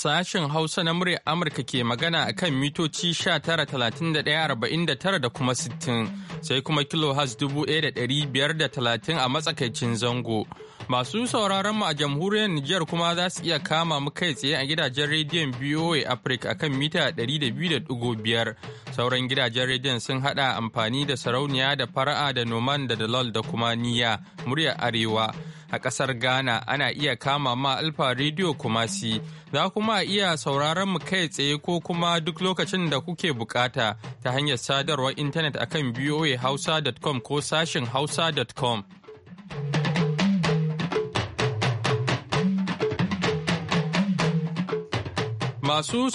Sashen Hausa na muryar Amurka ke magana a kan mitoci 19,31,49 da kuma 60 sai kuma da 1,530 a matsakaicin zango. Masu sauraron mu a jamhuriyar Nijar kuma za su iya kama mu kai tsaye a gidajen rediyon BOA Africa a kan mita 200.5. Sauran gidajen rediyon sun hada amfani da sarauniya da fara'a da noman da dalal da kuma niya murya Arewa. a ƙasar Ghana ana iya kama ma Alfa Radio Kumasi. Za kuma iya sauraron mu kai tsaye ko kuma duk lokacin da kuke bukata ta hanyar sadarwar intanet akan voahausa.com ko sashin hausa.com. Masu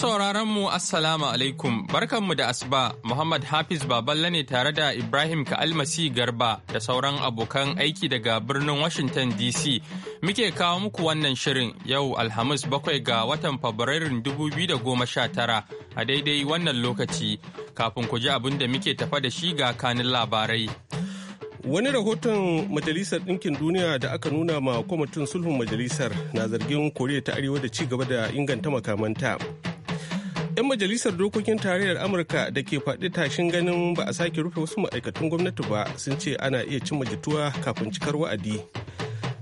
mu Assalamu alaikum, barkanmu da asuba, Muhammad Hafiz Baballe ne tare da Ibrahim Ka'almasi Garba da sauran abokan aiki daga birnin Washington DC. Muke kawo muku wannan shirin yau Alhamis bakwai ga watan Fabrairun 2019 a daidai wannan lokaci, kafin ku ji abin da muke tafa da shi ga kanin labarai. Wani rahoton Majalisar Ɗinkin Duniya da aka nuna ma kwamitin sulhun majalisar na zargin Koriya ta Arewa da ci gaba da inganta makamanta. 'Yan majalisar dokokin tarayyar Amurka da ke faɗi tashin ganin ba a sake rufe wasu ma'aikatan gwamnati ba sun ce ana iya cimma jituwa kafin cikar wa'adi.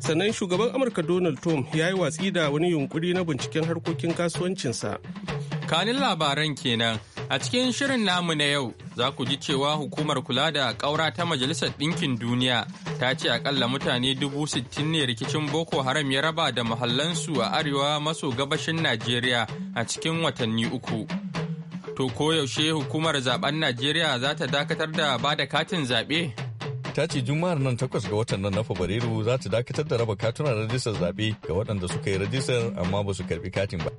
sannan shugaban amurka donald trump ya yi watsi da wani yunkuri na binciken harkokin kasuwancinsa kanin labaran kenan A cikin shirin namu na yau za ku ji cewa hukumar kula da ƙaura ta Majalisar Ɗinkin Duniya ta ce akalla mutane dubu sittin ne rikicin Boko Haram ya raba da mahallansu a arewa maso gabashin Najeriya a cikin watanni uku. To koyaushe hukumar zaben Najeriya za ta dakatar da ba da katin zaɓe? ta ce juma'ar nan takwas ga watan nan na fabrairu za ta dakatar da raba katunan rajistar zaɓe ga waɗanda suka yi rajistar amma ba su karɓi katin ba.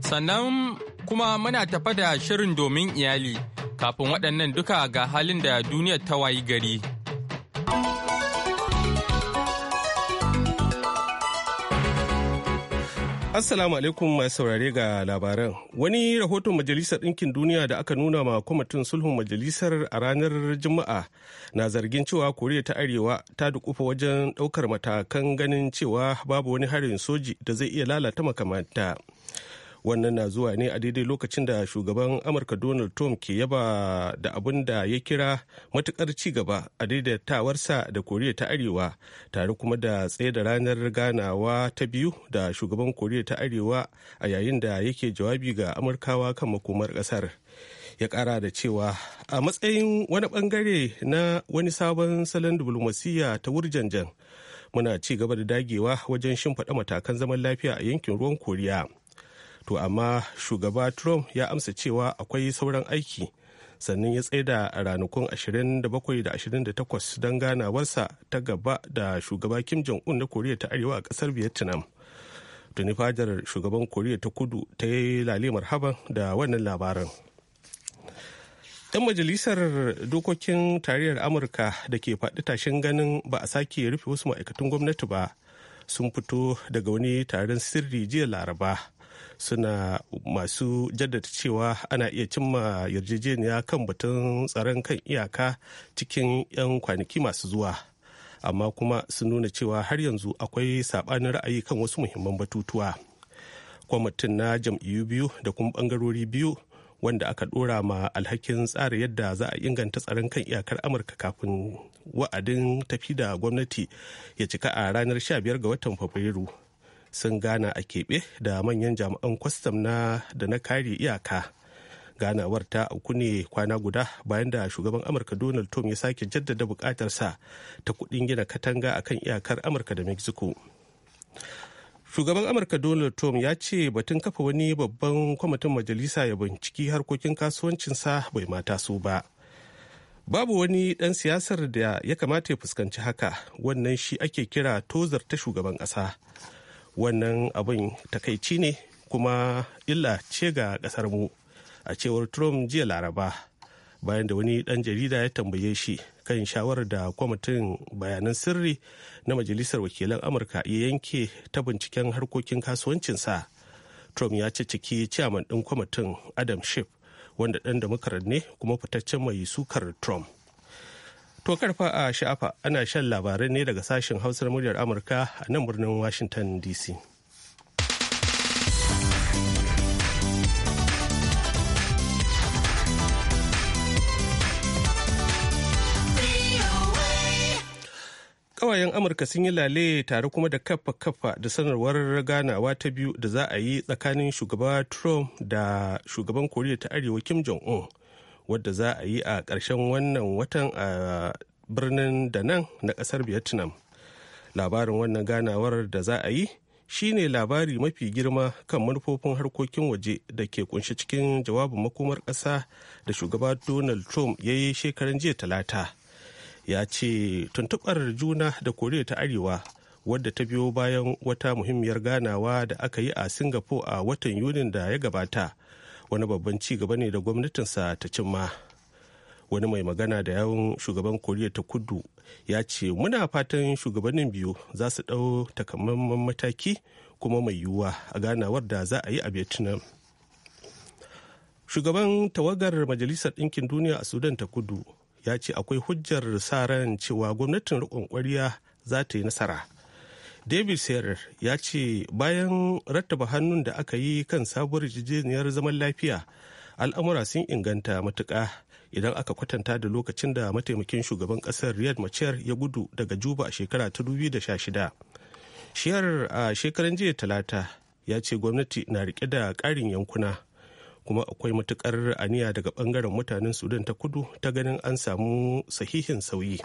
sannan kuma muna tafa da shirin domin iyali kafin waɗannan duka ga halin da duniya ta wayi gari. Assalamu alaikum mai saurare ga labaran. Wani rahoton Majalisar Ɗinkin Duniya da aka nuna ma kwamitin sulhun majalisar a ranar Juma'a na zargin cewa Koriya ta Arewa ta dukufa wajen ɗaukar matakan ganin cewa babu wani harin soji da zai iya lalata makamanta. wannan na zuwa ne a daidai lokacin da shugaban amurka donald trump ke yaba da abin da ya kira matukar gaba a daidaitawarsa da koriya ta arewa tare kuma da tsaye da ranar ganawa ta biyu da shugaban koriya ta arewa a yayin da yake jawabi ga amurkawa kan makomar kasar ya kara da cewa a matsayin wani bangare na wani sabon salon diplomasiyya ta wurjanjan muna ci gaba da dagewa wajen shimfaɗa matakan zaman lafiya a yankin ruwan koriya to amma shugaba trump ya amsa cewa akwai sauran aiki sannan ya tsaida ranakun 27 da 28 don ganawarsa ta gaba da shugaba kim jong-un na koriya ta arewa a kasar vietnam tuni fadar shugaban koriya ta kudu ta yi lale marhaban da wannan labarin yan majalisar dokokin tarayyar amurka da ke faɗi tashin ganin ba a sake rufe wasu ma'aikatan gwamnati ba sun fito daga wani taron sirri jiya laraba suna masu jaddada cewa ana iya cimma yarjejeniya kan batun tsaron kan iyaka cikin 'yan kwanaki masu zuwa amma kuma sun nuna cewa har yanzu akwai saɓanin ra'ayi kan wasu muhimman batutuwa kwamitin na jam'iyyu biyu da kuma bangarori biyu wanda aka ɗora ma alhakin tsara yadda za a inganta tsaron kan iyakar amurka kafin wa'adin tafi da gwamnati ya cika a ranar 15 ga watan fabrairu sun gana a keɓe da manyan jami'an kwastam na da na kare iyaka ganawar ta auku ne kwana guda bayan da shugaban amurka donald trump ya sake jaddada bukatarsa ta kudin gina katanga akan iyakar amurka da mexico shugaban amurka donald trump ya ce batun kafa wani babban kwamitin majalisa ya binciki harkokin kasuwancinsa bai mata su ba babu wani ɗan siyasar da ya kamata ya fuskanci haka wannan shi ake kira tozar ta shugaban ƙasa wannan abin takaici ne kuma illa ce ga kasar mu a cewar trump jiya laraba bayan da wani dan jarida ya tambaye shi kan shawarar da kwamitin bayanan sirri na majalisar wakilan amurka ya yanke ta binciken harkokin kasuwancinsa trump ya ci ciki ciyaman ɗin kwamitin adam schiff wanda ɗan da ne kuma fitaccen mai sukar trump To karfa a sha'afa ana shan labarai ne daga sashen hausar muryar Amurka a nan birnin Washington DC. Kawayen Amurka sun yi lale tare kuma da kafa kafa da sanarwar ganawa ta biyu da za a yi tsakanin shugaba Trump da shugaban Koriya ta Arewa Kim Jong-un. wadda za a yi a ƙarshen wannan watan a birnin da nan na ƙasar vietnam labarin wannan ganawar da za a yi shine labari mafi girma kan manufofin harkokin waje da ke kunshi cikin jawabin makomar ƙasa da shugaba donald trump ya yi shekaran jiya talata ya ce tuntuɓar juna da koriya ta arewa wadda ta biyo bayan wata muhimmiyar ganawa da aka yi a singapore a watan yunin da ya gabata wani babban ci gaba ne da gwamnatinsa ta cimma wani mai magana da yawun shugaban koriya ta kudu ya ce muna fatan shugabannin biyu za su ɗau takamaiman mataki kuma mai yiwuwa a ganawar da za a yi a vietnam shugaban tawagar majalisar ɗinkin duniya a sudan ta kudu ya ce akwai hujjar sa ran cewa gwamnatin riƙon ƙwarya za ta yi nasara david serer ya ce bayan rattaba hannun da aka yi kan sabuwar jijiyar zaman lafiya al'amura sun inganta matuka idan aka kwatanta da lokacin da mataimakin shugaban ƙasar riyad machar ya gudu daga juba a shekara ta 2016 shiyar a shekaran jiya talata ya ce gwamnati na rike da ƙarin yankuna kuma akwai matukar aniya daga ɓangaren mutanen sudan ta kudu ta ganin an samu sahihin sauyi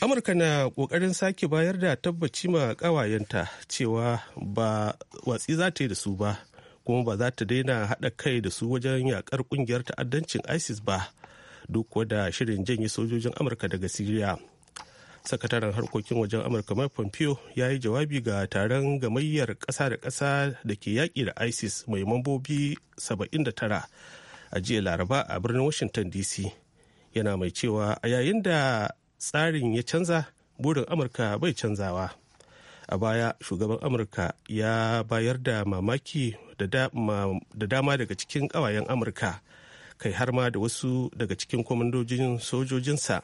amurka na kokarin sake bayar da tabbaci ma kawayenta cewa ba watsi za ta yi da su ba kuma ba za ta daina haɗa kai da su wajen yakar kungiyar ta'addancin isis ba duk da shirin janye sojojin amurka daga siriya sakataren harkokin wajen amurka mai pompeo ya yi jawabi ga taron gamayyar ƙasa da ƙasa da ke yaƙi da isis mai mambobi 79 a jiya laraba a birnin washington dc yana mai cewa a yayin da tsarin ya canza burin amurka bai canzawa a baya shugaban amurka ya bayar da mamaki da dama daga cikin ƙawayen amurka kai har ma da wasu daga cikin kwamandojin sojojinsa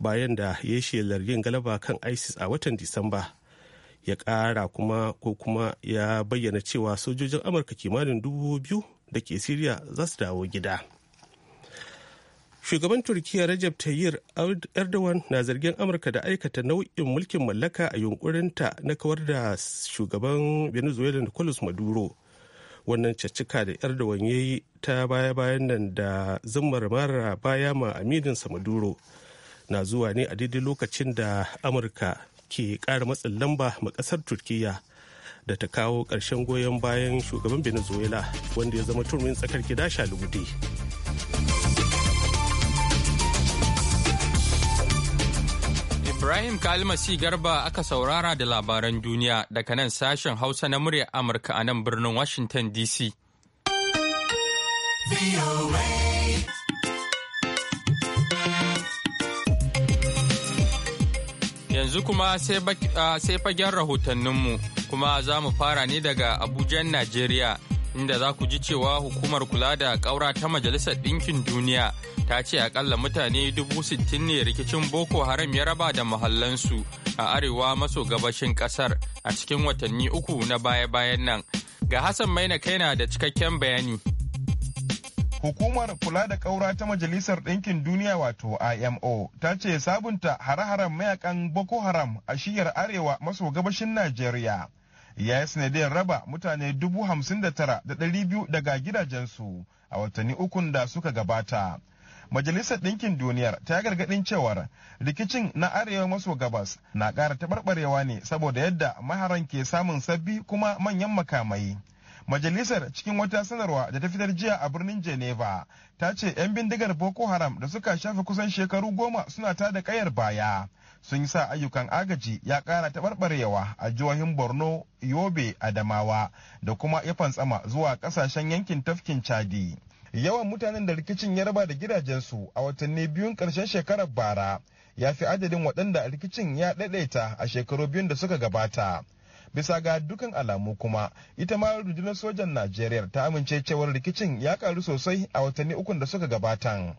bayan da ya shelar yin galaba kan isis a watan disamba ya ƙara kuma ko kuma ya bayyana cewa sojojin amurka kimanin dubu biyu da ke siriya za su dawo gida shugaban turkiya rajab tayyir erdogan na zargin amurka da aikata nau'in mulkin mallaka a yunkurinta na kawar da shugaban venezuela nicolas maduro wannan caccika da erdogan ya yi ta baya-bayan nan da zammar mara baya ma amininsa maduro na zuwa ne a daidai lokacin da amurka ke kara matsin lamba ma kasar turkiya da ta kawo karshen goyon bayan shugaban venezuela wanda ya zama turmin tsakar gida shalubudi Ibrahim Kalmasi Garba aka saurara da labaran duniya daga nan sashen Hausa na muryar Amurka a nan birnin Washington DC. Yanzu kuma sai fagen rahotanninmu kuma za mu fara ne daga Abuja Najeriya inda za ku ji cewa hukumar kula da ƙaura ta Majalisar Ɗinkin Duniya ta ce akalla mutane dubu sittin ne rikicin boko haram ya raba da mahallansu a arewa maso gabashin kasar a cikin watanni uku na baya-bayan nan ga hassan maina na da cikakken bayani Hukumar kula da ƙaura ta Majalisar Ɗinkin Duniya wato IMO ta ce sabunta hare-haren mayakan Boko Haram a shiyar arewa maso gabashin Najeriya. Ya yi sanadiyar raba mutane dubu hamsin da tara da ɗari biyu daga gidajensu a watanni ukun da suka gabata. majalisar ɗinkin duniyar ta gargaɗin cewar rikicin na arewa maso gabas na ƙara taɓarɓarewa ne saboda yadda maharan ke samun sabbi kuma manyan makamai majalisar cikin wata sanarwa da ta fitar jiya a birnin geneva ta ce 'yan bindigar boko haram da suka shafe kusan shekaru goma suna ta da kayar baya sun sa ayyukan agaji ya kara taɓarɓarewa a jihohin borno yobe adamawa da kuma ifan tsama zuwa ƙasashen yankin tafkin chadi yawan mutanen da rikicin ya raba da gidajensu a watanni biyun karshen shekarar bara ya fi adadin waɗanda rikicin ya ɗaiɗaita a shekaru biyun da suka gabata bisa ga dukan alamu kuma ita ma rundunar sojan najeriya ta amince cewar rikicin ya karu sosai a watanni ukun da suka gabata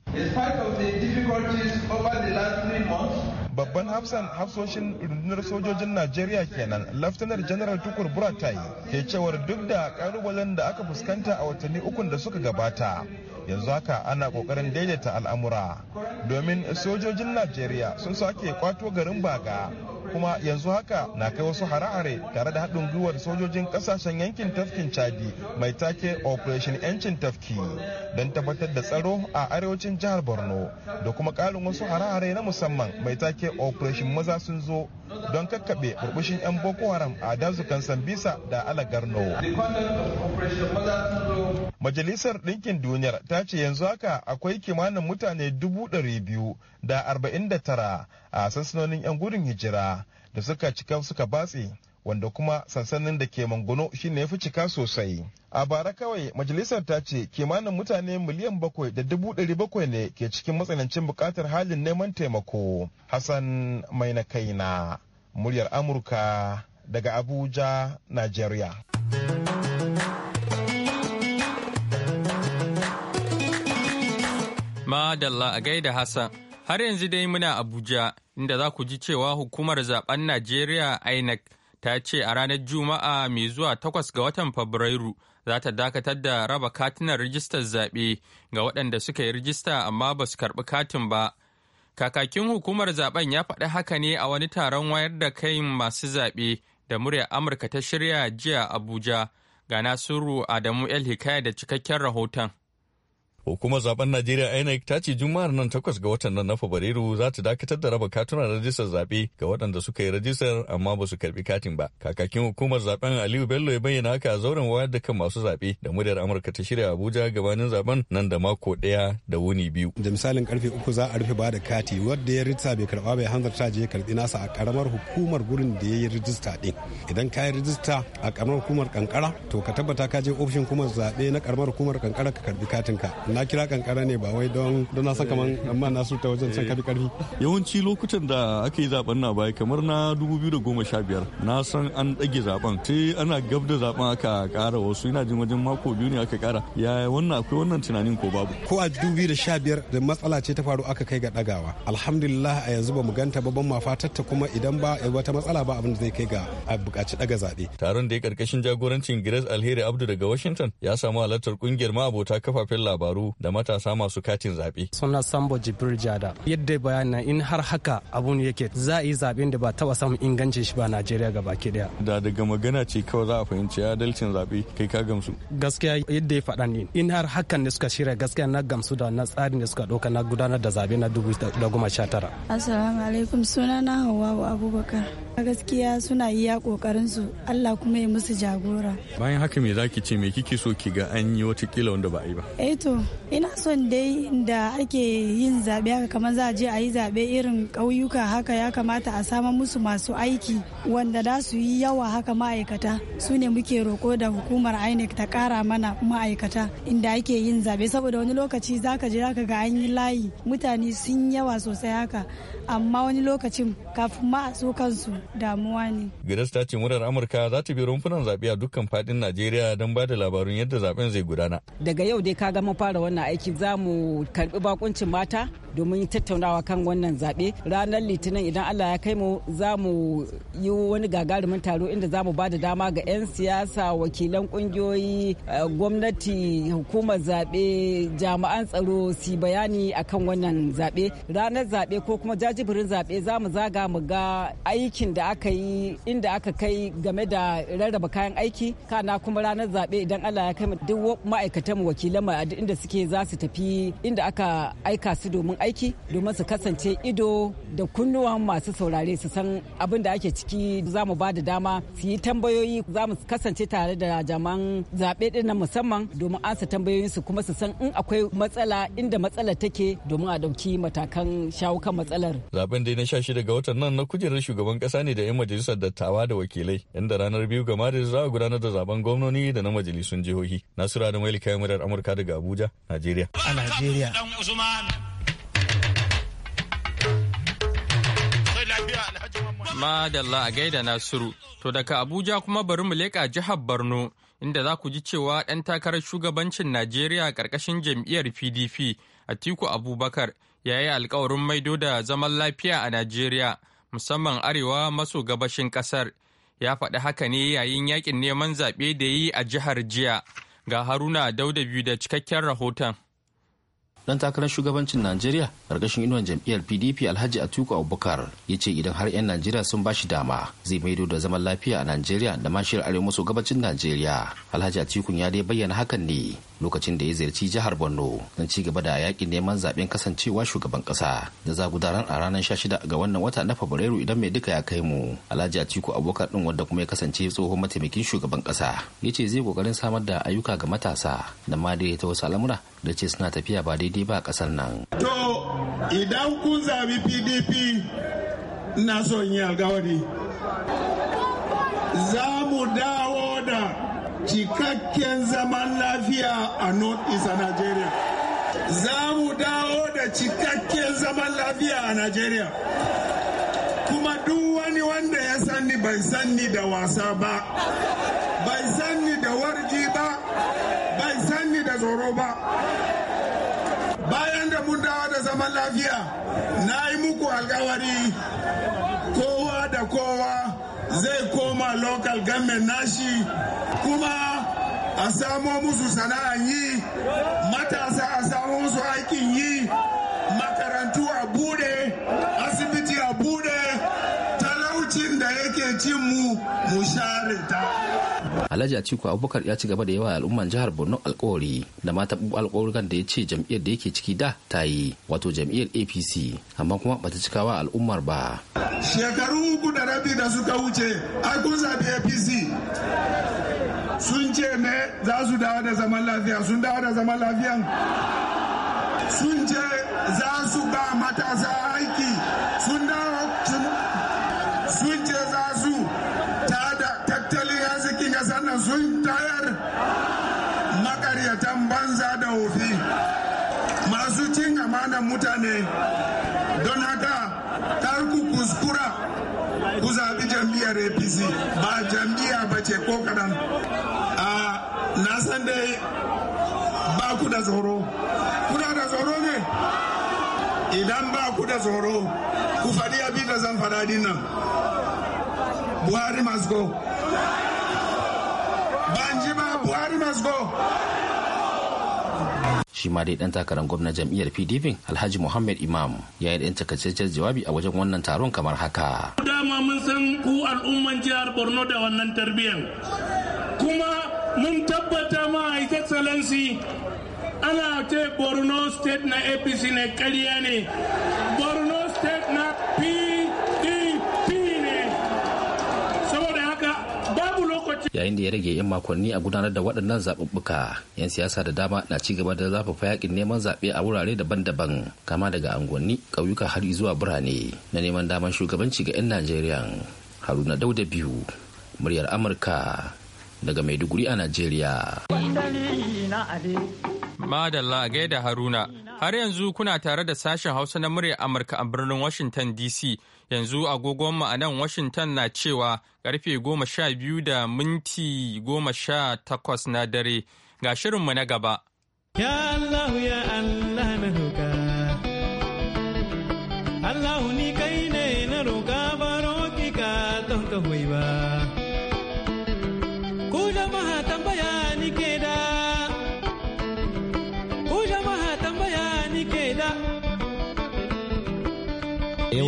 babban hafsan hafsoshin rundunar sojojin najeriya kenan laftanar janar tukur buratai ke cewar duk da kalubalen da aka fuskanta a watanni ukun da suka gabata yanzu haka ana kokarin daidaita al'amura domin sojojin najeriya sun sake kwato garin baga kuma yanzu haka na kai wasu hare-hare tare da haɗin gwiwar sojojin ƙasashen yankin tafkin chadi mai take operation yancin tafki don tabbatar da tsaro a arewacin jihar borno da kuma ƙarin wasu hare-hare na musamman mai take operation maza sun zo don kakkaɓe burbushin 'yan boko haram a dazukan sambisa da alagarno majalisar ɗinkin duniyar ta ce yanzu haka akwai kimanin mutane dubu ɗari biyu da arba'in da tara a sansanonin 'yan gudun hijira da suka cika suka batse wanda kuma sansanin da ke mangono shine ya fi cika sosai. A bara kawai majalisar ta ce kimanin mutane miliyan bakwai da dubu ɗari bakwai ne ke cikin matsanancin buƙatar halin neman taimako. Hassan mai na kaina, muryar Amurka daga Abuja, Najeriya. Madalla a gaida Hassan. Har yanzu dai muna Abuja, inda za ku ji cewa hukumar zaben Najeriya INEC ta ce a ranar Juma'a mai zuwa takwas ga watan Fabrairu za ta dakatar da raba katinan rijistar zaɓe ga waɗanda suka yi rijista amma ba su karɓi katin ba. Kakakin hukumar zaɓen ya faɗi haka ne a wani taron wayar da kai masu zaɓe da murya Amurka ta shirya jiya Abuja ga Nasiru Adamu El Hikaya da cikakken rahoton. Hukumar zaben Najeriya INEC ta ce Juma'ar nan takwas ga watan nan na Fabrairu za ta dakatar da raba katunan rajistar zaɓe ga waɗanda suka yi rajistar amma ba su karɓi katin ba. Kakakin hukumar zaben Aliyu Bello ya bayyana haka a zauren wayar da kan masu zaɓe da muryar Amurka ta shirya Abuja gabanin zaben nan da mako ɗaya da wuni biyu. Da misalin karfe uku za a rufe ba da kati wanda ya rijista bai karɓa bai hanzarta je karɓi nasa a karamar hukumar gurin da ya yi rajista ɗin. Idan ka yi rijista a karamar hukumar kankara to ka tabbata ka je ofishin hukumar zaɓe na karamar hukumar kankara ka karɓi katinka. na kira kankara ne ba wai don don na san kamar amma na su ta wajen san kafi karfi yawanci lokutan da aka yi zaben na baya kamar na 2015 na san an dage zaben sai ana gab da zaben aka kara wasu ina jin wajen mako biyu ne aka kara ya wannan akwai wannan tunanin ko babu ko a 2015 da matsala ce ta faru aka kai ga ɗagawa alhamdulillah a yanzu ba mu ganta ba ban ma kuma idan ba eh, wata matsala ba abin da zai kai ga a buƙaci daga zaɓe. taron da ya karkashin jagorancin Grace Alheri Abdu daga Washington ya samu halartar kungiyar ma abota kafafen labaru tsaro da matasa masu katin zaɓe. Suna Sambo Jibril Jada. Yadda bayana in har haka abun yake za a yi zaɓen da ba taɓa samun ingancin shi ba Najeriya gaba ki daya. Da daga magana ce kawai za a fahimci adalcin zaɓe kai ka gamsu. Gaskiya yadda ya faɗa ne in har hakan ne suka shirya gaskiya na gamsu da na tsarin da suka ɗauka na gudanar da zaɓe na dubu da goma sha tara. Assalamu alaikum suna na Hawwa Abubakar. Gaskiya suna iya ƙoƙarin su Allah kuma ya musu jagora. Bayan haka me zaki ce me kike so ki ga an yi wata kila wanda ba a yi ba. Eh to ina son dai da ake yin zaɓe haka kamar za a je a yi zaɓe irin ƙauyuka haka ya kamata a samar musu masu aiki wanda za su yi yawa haka ma'aikata su ne muke roƙo da hukumar inec ta ƙara mana ma'aikata inda ake yin zaɓe saboda wani lokaci za ka je ka ga an yi layi mutane sun yawa sosai haka amma wani lokacin kafin ma a so kansu damuwa ne. Gidas ta ce murar Amurka za ta bi rumfunan zaɓe a dukkan faɗin Najeriya don ba da labarun yadda zaɓen zai gudana. Daga yau dai ka gama fara wannan aiki za mu karbi bakuncin mata domin tattaunawa kan wannan zaɓe ranar litinin idan allah ya kai mu za mu yi wani gagarumin taro inda za mu ba da dama ga 'yan siyasa wakilan ƙungiyoyi eh, gwamnati hukumar zaɓe jami'an tsaro su bayani akan wannan zaɓe ranar zaɓe ko kuma jajibirin zaɓe za mu zaga mu ga aikin da aka yi inda aka kai game da rarraba kayan aiki kana kuma ranar zaɓe idan allah ya kai mu duk ma'aikatan wakilan mu inda suke za su tafi inda aka aika su domin aiki domin su kasance ido da kunnuwan masu saurare su san abin da ake ciki za mu ba da dama su yi tambayoyi za mu kasance tare da jaman zaɓe ɗin na musamman domin an tambayoyin su kuma su san in akwai matsala inda matsalar take domin a ɗauki matakan shawo kan matsalar. Zaben dai na sha shida ga watan nan na kujerar shugaban ƙasa ne da 'yan majalisar dattawa da wakilai inda ranar biyu ga Maris za a gudanar da zaben gwamnoni da na majalisun jihohi. Nasiru Adamu Elika Yamurar Amurka daga Abuja, Najeriya. A Najeriya. Madalla a gaida Nasiru, to daga Abuja kuma bari mu leƙa jihar Borno, inda za ku ji cewa ɗan takarar shugabancin Najeriya ƙarƙashin jam'iyyar PDP, Atiku Abubakar, ya yi alkawarin maido da zaman lafiya a Najeriya, musamman arewa maso gabashin ƙasar. Ya faɗi haka ne yayin yaƙin neman zaɓe da yi a jihar jiya. Ga Haruna Dauda biyu da cikakken rahoton. dan takarar shugabancin najeriya ƙarƙashin inuwan jam'iyyar pdp alhaji atiku abubakar ya ce idan har 'yan najeriya sun bashi dama zai maido da zaman lafiya a najeriya da mashiyar arewa maso gabacin najeriya alhaji atiku ya dai bayyana hakan ne lokacin da ya ziyarci jihar borno don ci gaba da yakin neman zaben kasancewa shugaban kasa da za gudanar a ranar 16 ga wannan wata na fabrairu idan mai duka ya kai mu alhaji atiku abokan din wanda kuma ya kasance tsohon mataimakin shugaban kasa ya ce zai kokarin samar da ayyuka ga matasa da ma dai ta wasu al'amura da ce suna tafiya ba daidai ba a kasar nan. to idan kun zabi pdp na son yi alkawari za mu dawo da cikakken zaman lafiya a northeast a Najeriya. Za mu dawo da cikakken zaman lafiya a Najeriya. Kuma duk wani wanda ya sanni bai sanni da wasa ba, bai sanni da wargi ba, bai sanni da tsoro ba. Bayan da mun dawo da zaman lafiya, na yi muku alkawari kowa da kowa. zai koma local government nashi kuma a samo musu sana'an yi matasa a samo musu aikin yi makarantu a bude asibiti a bude talaucin da yake cin mu mu share ta Alhaji Atiku Abubakar ya ci gaba da yawa al'umman jihar Borno alkawari da mata alkawarukan da ya ce jam'iyyar da yake ciki da ta yi wato jam'iyyar APC amma kuma bata cikawa al'ummar ba. Shekaru uku da rabi da suka wuce ai kun zaɓi APC sun ce ne za su dawo da zaman lafiya sun dawo da zaman lafiyan sun ce za su ba matasa Eh, don haka kar ku kuskura ku zaɓi jam'iyyar apc ba jam'iyya ba ce ko kaɗan a na san dai ba ku da tsoro kuna da tsoro ne idan ba ku da tsoro ku faɗi abin da zan faɗa nan buhari must go ba buhari must go shi ma dai dan takarar gwamnan jam'iyyar pdp alhaji muhammad imam ya yi dan takaitaccen jawabi a wajen wannan taron kamar haka dama mun san ku al'umman jihar borno da wannan tarbiyyar kuma mun tabbata ma his excellency ana ce borno state na apc ne karya ne borno state na pdp yayin da ya rage 'yan makonni a gudanar da waɗannan zaɓuɓɓuka 'yan siyasa da dama na ci gaba da zafafa yakin neman zaɓe a wurare daban-daban kama daga angonni ƙauyuka har zuwa birane na neman daman shugabanci ga 'yan najeriya haruna dauda biyu muryar amurka daga Maiduguri a Najeriya. Madalla gaida Haruna, har yanzu kuna tare da sashen Hausa na murya Amurka a birnin Washington DC. Yanzu agogonmu a nan Washington na cewa karfe goma sha biyu da minti goma sha takwas na dare. Ga shirinmu na gaba. Ya Allah ya Allah na roƙa. Allah ni kai ne na roƙa baro ki ka ka ba.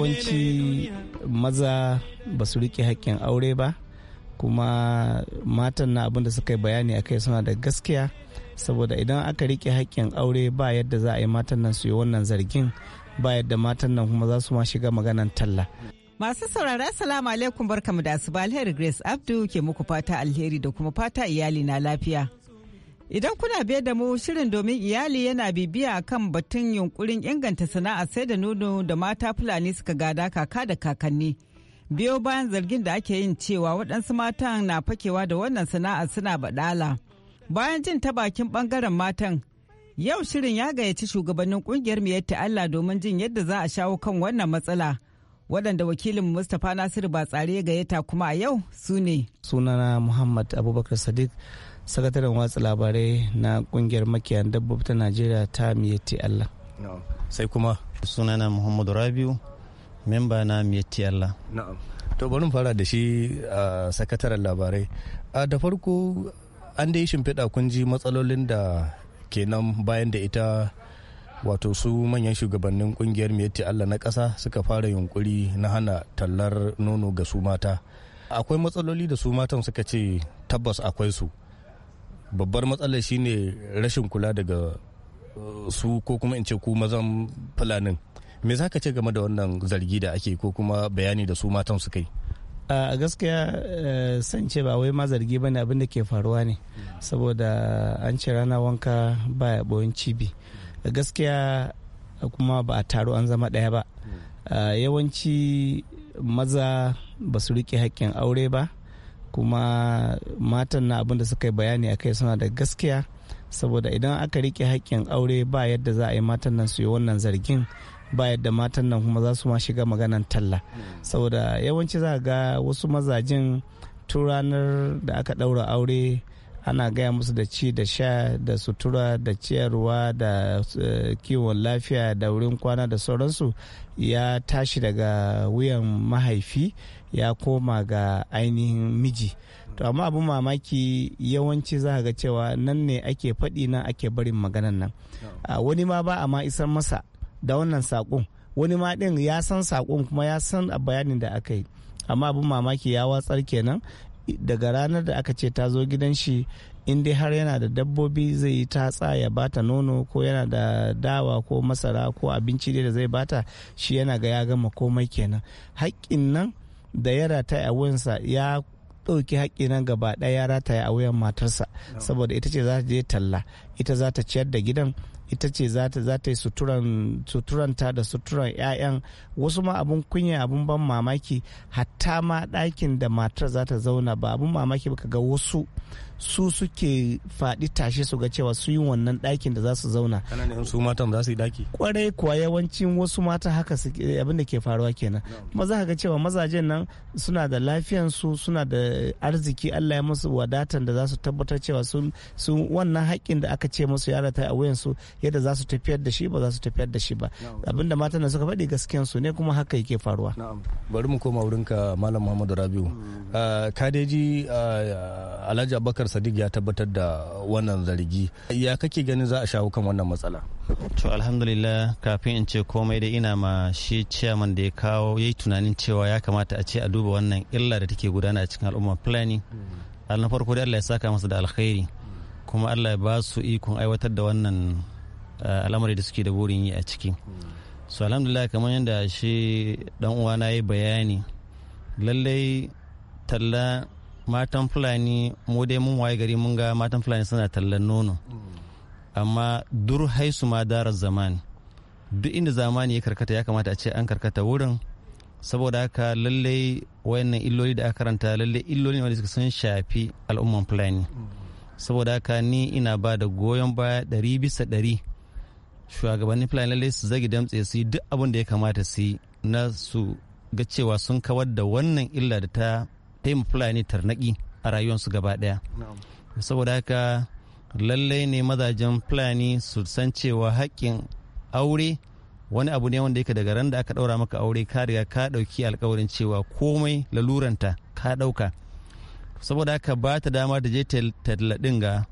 yawanci maza ba su rike haƙƙin aure ba kuma matan na abinda suka yi bayani akai suna da gaskiya saboda idan aka riƙe haƙƙin aure ba yadda za a yi matan nan su yi wannan zargin ba yadda matan nan kuma za su ma shiga maganan talla Masu saurara salamu alaikum barkamu da asuba alheri Grace Abdu ke muku fata alheri da kuma fata iyali na lafiya. Idan kuna biye da mu shirin domin iyali yana bibiya kan batun yunkurin inganta sana'a sai da nono da mata Fulani suka gada kaka da kakanni. Biyo bayan zargin da ake yin cewa waɗansu matan na fakewa da wannan sana'a suna baɗala. Bayan jin ta bakin ɓangaren matan, yau shirin ya gayyaci shugabannin ƙungiyar Miyatta Allah domin jin yadda za a shawo kan wannan matsala. waɗanda wakilin mustapha nasiru batsare ya gayyata kuma a yau su ne sunana muhammad abubakar sadiq sakataren watsa labarai na kungiyar makiyan dabbobi ta najeriya ta miyatti allah sai kuma sunana muhammadu rabiu memba na miyatti allah to bari fara da shi a sakataren labarai a da farko an dai shimfiɗa kun ji matsalolin da kenan bayan da ita wato su manyan shugabannin kungiyar miyatti allah na kasa suka fara yunkuri na hana tallar nono ga su mata akwai matsaloli da su matan suka ce tabbas akwai su babbar matsalar shine rashin kula daga uh, su ko kuma in ce ku mazan fulanin me za ka ce game da wannan zargi da ake ko kuma bayani da su matan suka yi a gaskiya eh, san ce ba wai ma zargi bane abin da ke faruwa ne hmm. saboda an ce rana wanka baya boyin cibi gaskiya kuma ba a taro an zama ɗaya ba yawanci maza ba su riƙe haƙƙin aure ba kuma matan na abun da suka yi bayani a kai suna da gaskiya saboda idan aka riƙe haƙƙin aure ba yadda za a yi matan nan su yi wannan zargin ba yadda matan nan kuma za su ma shiga maganan talla saboda yawanci za ga wasu mazajin tun ranar da aka ɗaura aure ana gaya musu da ci da sha da sutura da ciyarwa da eh, kiwon lafiya da wurin kwana da sauransu ya tashi daga wuyan mahaifi ya koma ga ainihin miji to amma abin mamaki yawanci za ga cewa nan ne ake faɗi nan ake barin maganan nan ah, wani ma ba a ma isar masa da wannan saƙon wani ma ɗin ya san saƙon kuma ya san bayanin da aka yi amma abin mamaki ya watsar kenan daga ranar da aka ce ta zo gidan shi in dai har yana da dabbobi zai yi tatsa ya bata nono ko yana da dawa ko masara ko abinci dai da zai bata shi yana ga ya gama komai kenan haƙƙin nan da ya rataya a wuyansa ya ɗauki haƙƙin nan gaba ɗaya ya rataya a wuyan matarsa saboda ita ce za ta je talla ita za ta ciyar da gidan ita ce za ta yi suturanta da suturan 'ya'yan wasu ma abun kunya abun ban mamaki hatta ma ɗakin da matar za ta zauna ba abun mamaki ba ga wasu su suke faɗi tashe su ga cewa su yi wannan ɗakin da za su zauna su matan za su yi ɗaki kwarai kuwa yawancin wasu mata haka abin da ke faruwa kenan kuma za ga cewa mazajen nan suna da lafiyan su suna da arziki Allah ya musu wadatan da za su tabbatar cewa sun wannan haƙƙin da aka ce musu yara ta a wuyansu yadda za su tafiyar da shi ba za su tafiyar da shi ba abin da matan suka faɗi gaskiyan su ne kuma haka yake faruwa bari mu koma wurinka malam Muhammadu Rabiu hmm. ah, kadeji ah, Alhaji Abubakar abubakar sadiq ya tabbatar da wannan zargi ya kake ganin za a shawo kan wannan matsala to alhamdulillah kafin in ce komai da ina ma shi chairman da ya kawo ya yi tunanin cewa ya kamata a ce a duba wannan illa da take gudana a cikin al'umma planning na farko dai allah ya saka masa da alkhairi kuma allah ya ba su ikon aiwatar da wannan eh, al'amari da suke da burin yi a ciki so alhamdulillah kamar yadda shi dan uwana ya bayani lallai talla matan fulani mu dai mun waye gari mun ga matan fulani suna tallan nono amma dur haisu ma dara zamani duk inda zamani ya karkata ya kamata a ce an karkata wurin saboda haka lallai wayannan illoli da aka karanta lallai illoli wanda suka sun shafi al'umman fulani saboda haka ni ina ba da goyon baya ɗari bisa ɗari shugabannin fulani lallai su zagi damtse su yi duk abin da ya kamata su yi na su ga cewa sun kawar da wannan illa da ta taimu fulani tarnaki a rayuwarsu gaba ɗaya saboda haka lallai ne mazajen fulani su san cewa haƙƙin aure wani abu ne wanda yake daga ran da aka ɗaura maka aure ka riga ka ɗauki alkawarin cewa komai laluranta ka ɗauka saboda haka ba ta dama da je tallaɗin ga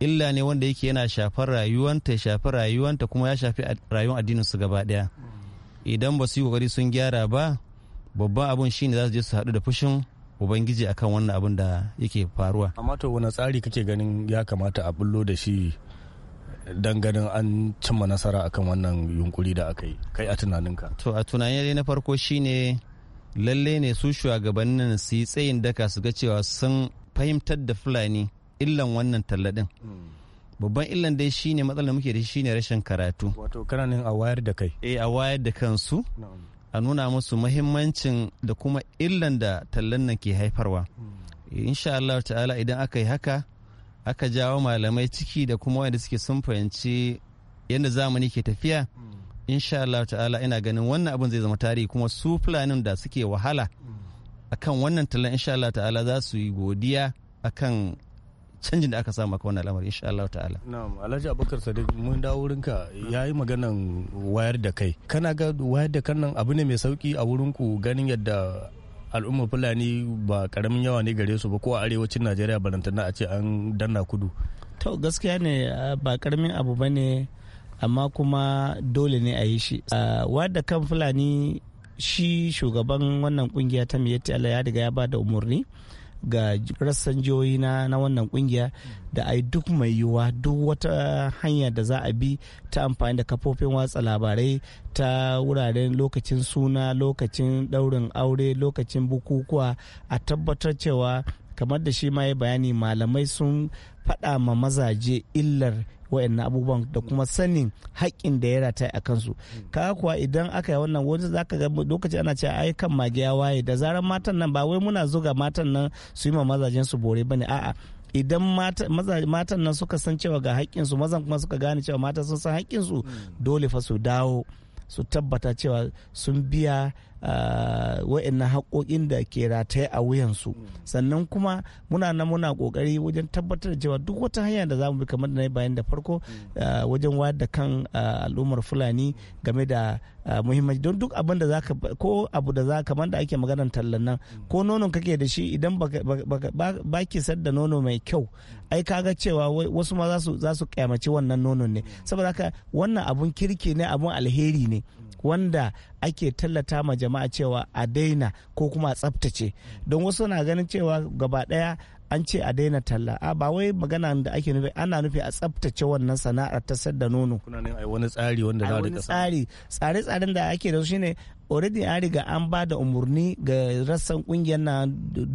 illa ne wanda yake yana shafar rayuwanta ya shafi rayuwanta kuma ya shafi rayuwar addinin su gaba ɗaya mm. idan ba su yi kokari sun gyara ba babban abun shine za su je su haɗu da fushin ubangiji akan wannan abin da yake faruwa amma to wani tsari kake ganin ya kamata a bullo da shi don ganin an cimma nasara akan wannan yunkuri da aka yi kai a tunaninka to a tunanin na farko shine lalle ne su shugabannin su yi tsayin daka su ga cewa sun fahimtar da fulani illan wannan talladin hmm. babban illan dai shine matsalar muke da shine rashin karatu wato kananin a wayar da kai eh a wayar da kansu no. a nuna musu muhimmancin da kuma illan da tallan nan ke haifarwa hmm. insha Allah ta'ala idan aka yi haka aka jawo malamai ciki da kuma wanda suke sun fahimci yadda zamani ke tafiya hmm. insha Allah ta'ala ina ganin wannan abin zai zama tarihi kuma su fulanin da suke wahala hmm. akan wannan tallan insha Allah ta'ala za su yi godiya akan canjin da aka sa maka wannan al'amari insha Allah ta'ala na'am Alhaji Abubakar Sadiq mun dawo wurinka yayi maganan wayar da kai kana ga wayar da kan nan abu ne mai sauki a wurin ku ganin yadda al'ummar fulani ba karamin yawa ne gare su ba ko a arewacin najeriya barantana a ce an danna kudu to gaskiya ne ba karamin abu ba ne amma kuma dole ne a yi shi Wayar da kan fulani shi shugaban wannan kungiya ta miyatti allah ya riga ya ba da umarni ga rassan jihohi na, na wannan kungiya da ai duk mai yiwuwa duk wata hanya da za a bi ta amfani da kafofin watsa labarai ta wuraren lokacin suna lokacin daurin aure lokacin bukukuwa a tabbatar cewa kamar da shi ma ya bayani malamai sun faɗa ma mazaje illar wa'annan abubuwan da kuma sanin haƙƙin da ya rataye a kansu kaga kuwa idan aka yi wannan wani za ka ga lokaci ana cewa ai kan mage ya waye da zaran matan nan ba wai muna zuga matan nan su yi ma mazajen su bore bane a'a idan matan nan suka san cewa ga haƙƙinsu mazan kuma suka gane cewa mata sun san su hmm. dole fa su dawo su tabbata cewa sun biya Ah, na haƙoƙin da ke rataye a wuyansu sannan kuma muna nan muna ƙoƙari wajen tabbatar da cewa duk wata hanya da za mu bi kamar da na bayan da farko ah, wajen wayar da kan ah, al'ummar fulani game da muhimmanci don duk abin da zaka ko abu da za kamar da ake maganar tallan nan ko nonon kake da shi idan ba ki da nono mai kyau ai kaga cewa wasu ma za su kyamaci wannan nonon ne saboda haka wannan abun kirki ne abun alheri ne wanda ake tallata ma jama'a cewa a daina ko kuma a tsaftace don wasu na ganin cewa gaba daya an ce a daina talla a ba wai magana da ake nufi ana nufi a tsaftace wannan sana'ar ta sadda da nono kuna ne ai wani tsari wanda za a tsari tsare-tsaren da ake da su shine already an riga an ba da umarni ga rassan kungiyar na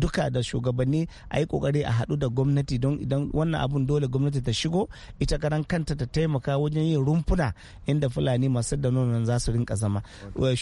duka da shugabanni a yi kokari a hadu da gwamnati don idan wannan abun dole gwamnati ta shigo ita karan kanta ta taimaka wajen yin rumfuna inda fulani masu da nonon za su rinka zama eh, eh,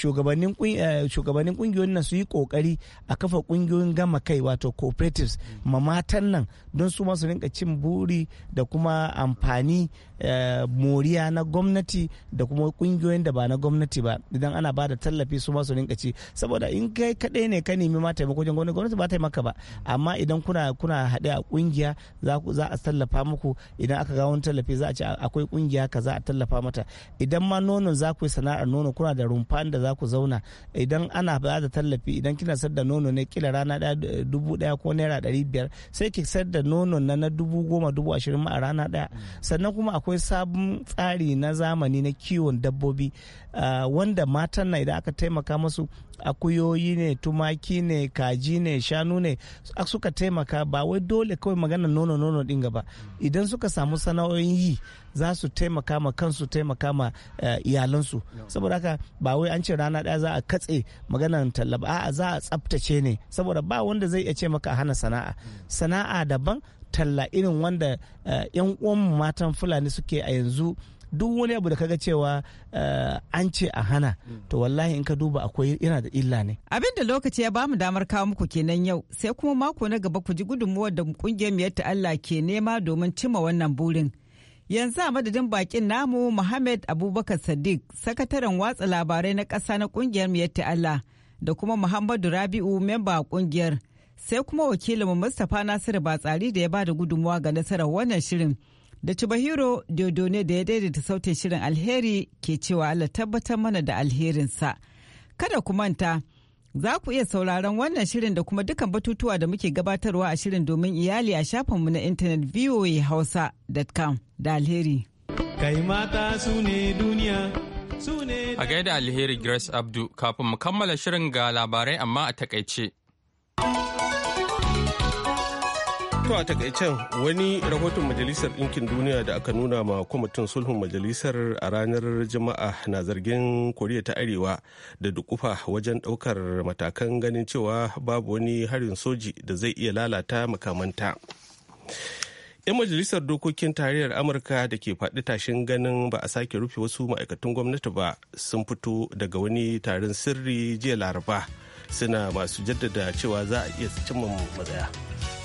shugabannin kungiyoyin nan su yi kokari a kafa kungiyoyin gama kai wato cooperatives hmm. ma matan nan don su masu rinka cin buri da kuma amfani eh, moriya na gwamnati da kuma kungiyoyin da ba na gwamnati ba idan ana ba da tallafi tallafi su ma su rinka ci saboda in kai kaɗai ne ka nemi ma taimako wajen gwamnati gwamnati ba ta maka ba amma idan kuna kuna haɗe a kungiya za a tallafa muku idan aka ga wani tallafi za a ce akwai kungiya ka za a tallafa mata idan ma nonon za ku yi sana'ar nono kuna da rumfa da za ku zauna idan ana ba da tallafi idan kina sayar da nono ne kila rana ɗaya dubu ɗaya ko naira ɗari biyar sai ki sayar da nonon na na dubu goma dubu ashirin ma a rana ɗaya sannan kuma akwai sabon tsari na zamani na kiwon dabbobi ah, wanda matan na idan aka taimaka masu akuyoyi ne tumaki ne kaji ne shanu ne suka taimaka ba wai dole kawai magana nono nono din gaba idan suka samu sana'o'in yi za su taimaka ma kansu taimaka ma eh, iyalansu saboda haka ba wai an ce rana ɗaya za a katse maganan tallaba a za a tsaftace ne saboda ba wanda zai iya ce maka hana sana'a sana'a daban talla irin wanda eh, 'yan uwan matan fulani suke a yanzu duk wani abu da kaga cewa eh, an ce a hana to wallahi in ka duba akwai yana da illa ne abin da lokaci ya bamu damar kawo muku kenan yau sai kuma mako na gaba ku ji gudunmuwar da kungiyar miyar ta Allah ke nema domin cimma wannan burin yanzu a madadin bakin namu Muhammad Abubakar Sadiq sakataren watsa labarai na ƙasa na kungiyar miyar ta Allah da kuma Muhammadu Rabi'u memba kungiyar sai kuma wakilinmu Mustapha Nasiru Batsari da ya bada gudunmuwa ga nasarar wannan shirin Da tubahiro ne da ya daidaita sautin shirin alheri ke cewa Allah tabbatar mana da alherinsa. Kada ku manta, za ku iya sauraron wannan shirin da kuma dukkan batutuwa da muke gabatarwa a shirin domin iyali a shafinmu na intanet voahausa.com da alheri. Kai mata su ne duniya, su ne A gaida alheri Grace Abdu, kafin mu kammala shirin ga labarai amma a takaice. To a takaicen wani rahoton Majalisar Ɗinkin Duniya da aka nuna ma kwamitin sulhun majalisar a ranar Juma'a na zargin Koriya ta Arewa da dukufa wajen ɗaukar matakan ganin cewa babu wani harin soji da zai iya lalata makamanta. 'Yan majalisar dokokin tarayyar Amurka da ke faɗi tashin ganin ba a sake rufe wasu ma'aikatan gwamnati ba sun fito daga wani taron sirri jiya Laraba. suna masu jaddada cewa za a iya cimma matsaya.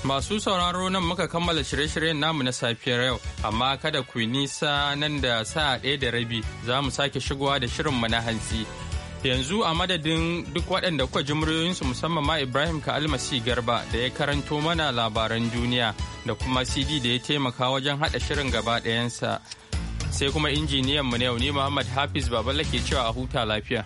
Masu sauraro nan muka kammala shirye-shiryen namu na safiyar yau, amma kada ku nisa nan da sa'a ɗaya da rabi za mu sake shigowa da shirin mu na hantsi. Yanzu a madadin duk waɗanda kuka ji muryoyinsu musamman ma Ibrahim ka almasi garba da ya karanto mana labaran duniya da kuma CD da ya taimaka wajen haɗa shirin gaba ɗayansa. Sai kuma injiniyanmu na yau ne Muhammad Hafiz Babala ke cewa a huta lafiya.